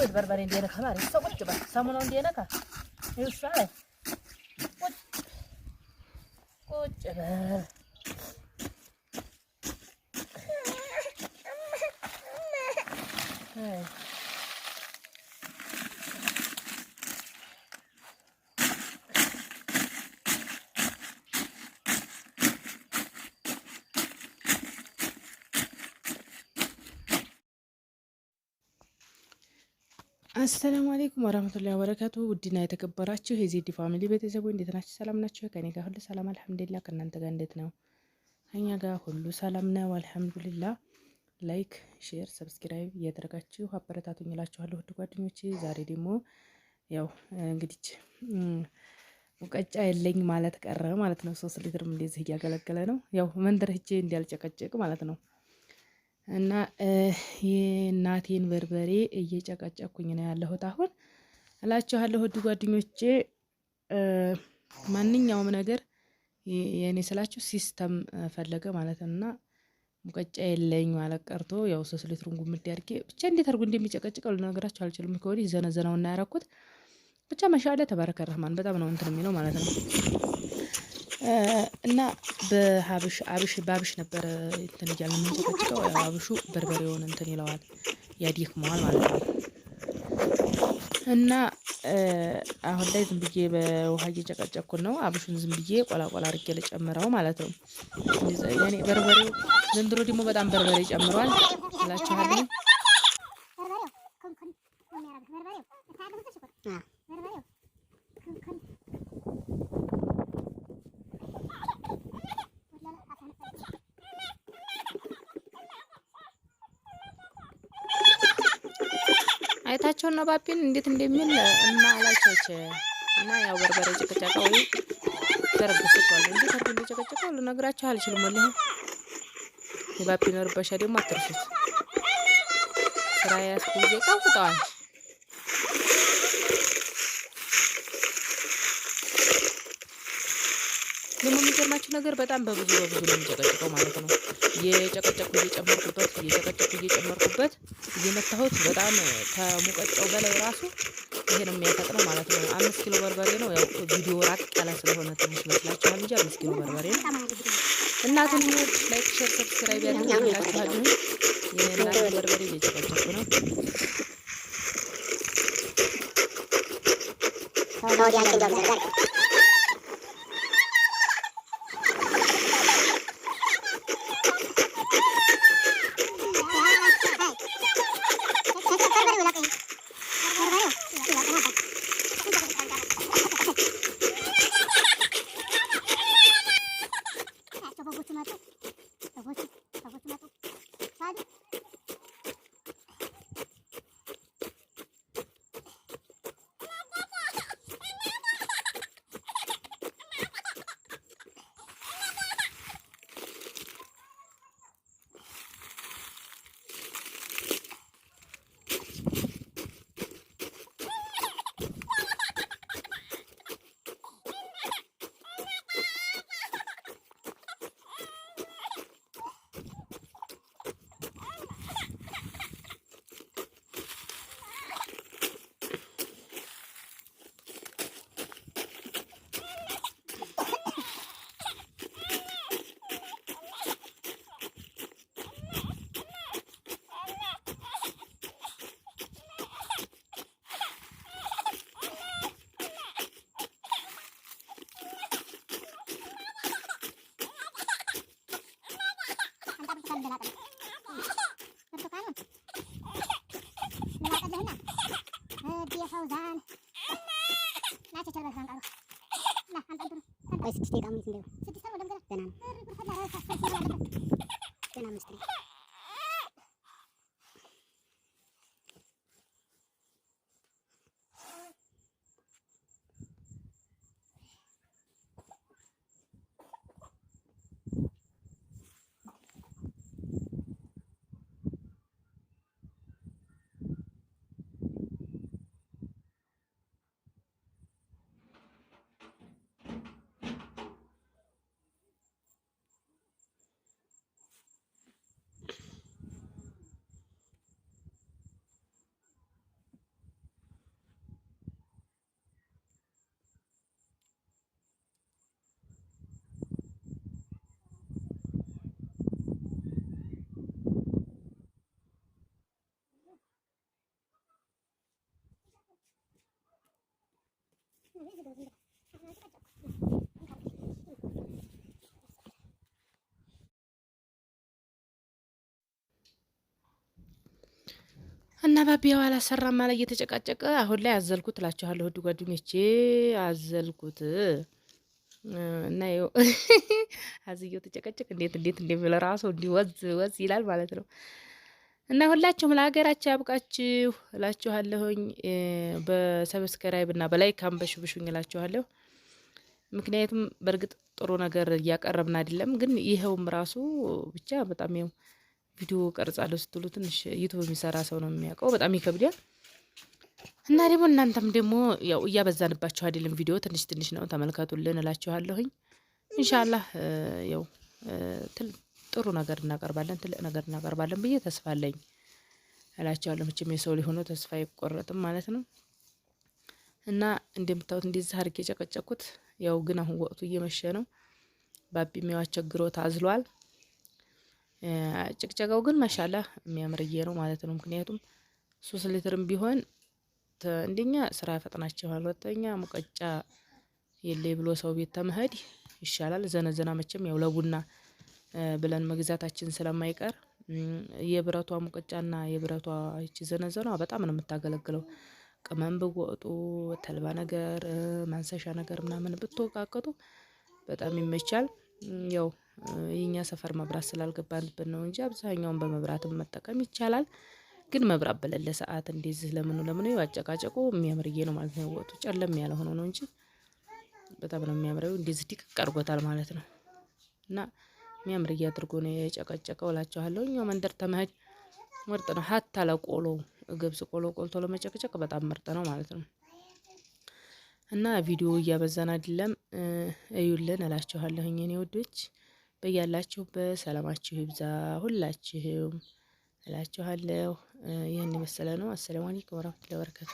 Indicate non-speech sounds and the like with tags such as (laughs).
ወይት በርበሬ እንዲነካ ማለት ሰው ቁጭ በል ሰሙነው እንዲነካ ይውሳ ቁጭ ቁጭ በል Hey. አሰላሙ አሌይኩም ወራህመቱላሂ ወበረካቱ። ውድና የተከበራችሁ የዜዲ ፋሚሊ ቤተሰቡ እንዴት ናችሁ? ሰላም ናችሁ? ከኔ ጋር ሁሉ ሰላም አልሐምዱሊላህ። ከእናንተ ጋር እንዴት ነው? እኛ ጋር ሁሉ ሰላም ነው አልሐምዱሊላህ። ላይክ፣ ሼር፣ ሰብስክራይብ እያደረጋችሁ አበረታቱኝ እላችኋለሁ ውድ ጓደኞቼ። ዛሬ ደግሞ ያው እንግዲህ ሙቀጫ የለኝ ማለት ቀረ ማለት ነው። ሶስት ሊትርም እንደዚህ እያገለገለ ነው። ያው መንደር ሂጄ እንዲያልጨቀጭቅ ማለት ነው እና የእናቴን በርበሬ እየጨቀጨኩኝ ነው ያለሁት አሁን እላችኋለሁ። ውድ ጓደኞቼ ማንኛውም ነገር የእኔ ስላችሁ ሲስተም ፈለገ ማለት ነው እና ሙቀጫ የለኝ ማለት ቀርቶ ያው ሶስት ሊትሩን ጉምድ ያርጌ ብቻ እንዴት አድርጎ እንደሚጨቀጭቀው ልነግራችሁ አልችልም። ከወዲህ ዘነዘነውና ያረኩት ብቻ መሻለ ተባረከ ረህማን በጣም ነው እንትን የሚለው ማለት ነው። እና በሀብሽ አብሽ በአብሽ ነበረ እንትን እያለ የምንጨቀጭቀው አብሹ በርበሬውን እንትን ይለዋል ያዲክመዋል ማለት ነው። እና አሁን ላይ ዝም ብዬ በውሃ እየጨቀጨኩን ነው። አብሹን ዝም ብዬ ቆላቆላ አድርጌ ልጨምረው ማለት ነው። እኔ በርበሬው ዘንድሮ ደግሞ በጣም በርበሬ ጨምሯል እላችኋለሁ። አይታቸው ነው ባቢን እንዴት እንደሚል እማ አላቸች እና ያው በርበሬ ጭቅጨቀው ተረብስቷል። እንዴት አርጎ እንደጨቀጨቀው ልነግራችሁ አልችልም። ወላሂ የባቢን ወርበሻ ደግሞ አትርሱት። ስራ ያስኩ ቃውጠዋል ደግሞ የሚገርማችሁ ነገር በጣም በብዙ በብዙ ነው የሚጨቀጭቀው ማለት ነው። የጨቀጨቁ እየጨመርኩበት እየጨቀጨቁ እየጨመርኩበት እየመታሁት በጣም ከሙቀጫው በላይ ራሱ ይሄ ነው የሚያፈጥነው ማለት ነው። አምስት ኪሎ በርበሬ ነው ያው ቪዲዮ ራቅ ያለ ስለሆነ ትንሽ መስላችኋል እንጂ አምስት ኪሎ በርበሬ ነው። እናትን ሞድ ላይክ፣ ሸር፣ ሰብስክራይብ ያደርግላችኋል። የእናት በርበሬ እየጨቀጨቁ ነው يا فوزان لا تتربى خان قالوا لا انت انت انت ستي قامني تندوا ستي سوى دم كده تمام تنام مستري እና ባቢያው አላሰራም አለ እየተጨቃጨቀ። አሁን ላይ አዘልኩት እላችኋለሁ ውድ ጓደኞቼ፣ አዘልኩት እና ይኸው (laughs) አዝየው ተጨቀጨቅ እንዴት እንዴት እንደሚል ራሱ እንዲወዝ ወዝ ይላል ማለት ነው። እና ሁላችሁም ለሀገራችሁ ያብቃችሁ እላችኋለሁኝ። በሰብስክራይብ እና በላይክ ብሹኝ እላችኋለሁ። ምክንያቱም በእርግጥ ጥሩ ነገር እያቀረብን አይደለም፣ ግን ይኸውም ራሱ ብቻ በጣም ይኸው ቪዲዮ ቀርጻለሁ ስትሉ ትንሽ ዩቱብ የሚሰራ ሰው ነው የሚያውቀው፣ በጣም ይከብዳል። እና ደግሞ እናንተም ደግሞ ያው እያበዛንባችሁ አይደለም፣ ቪዲዮ ትንሽ ትንሽ ነው፣ ተመልከቱልን እላችኋለሁኝ። ኢንሻላህ ያው ጥሩ ነገር እናቀርባለን፣ ትልቅ ነገር እናቀርባለን ብዬ ተስፋ አለኝ እላቸዋለሁ። መቼም የሰው ሊሆኑ ተስፋ አይቆረጥም ማለት ነው። እና እንደምታዩት እንደዚህ አድርጌ የጨቀጨኩት ያው ግን አሁን ወቅቱ እየመሸ ነው። ባቢ ሚዋ ቸግሮት አዝሏል። ጭቅጨቀው ግን መሻላ የሚያምርዬ ነው ማለት ነው። ምክንያቱም ሶስት ሊትርም ቢሆን እንደኛ ስራ ያፈጥናቸዋል፣ ሁለተኛ ሙቀጫ የለይ ብሎ ሰው ቤት ተመሄድ ይሻላል። ዘነዘና መቼም ያው ለቡና ብለን መግዛታችን ስለማይቀር የብረቷ ሙቀጫና የብረቷ ይቺ ዘነዘኗ በጣም ነው የምታገለግለው። ቅመም ብወጡ ተልባ ነገር ማንሰሻ ነገር ምናምን ብትወቃቀጡ በጣም ይመቻል። ያው የኛ ሰፈር መብራት ስላልገባንብን ነው እንጂ አብዛኛውን በመብራትም መጠቀም ይቻላል። ግን መብራት በሌለ ሰዓት እንደዚህ ለምኑ ለምኑ አጨቃጨቁ የሚያምርዬ ነው ማለት ነው። ወጡ ጨለም ያለ ሆኖ ነው እንጂ በጣም ነው የሚያምረው። እንደዚህ ድቅቅ አድርጎታል ማለት ነው እና የሚያምር እያድርጎ ነው የጨቀጨቀው እላችኋለሁ። እኛ መንደር ተመሄድ ምርጥ ነው። ሀታ ለቆሎ ግብስ ቆሎ ቆልቶ ለመጨቅጨቅ በጣም ምርጥ ነው ማለት ነው። እና ቪዲዮ እያበዛን አይደለም እዩልን እላችኋለሁ። እኔ ውዶች በያላችሁ በሰላማችሁ ይብዛ ሁላችሁም እላችኋለሁ። ይህን የመሰለ ነው። አሰላሙ አለይኩም ወረመቱላ ወበረካቱ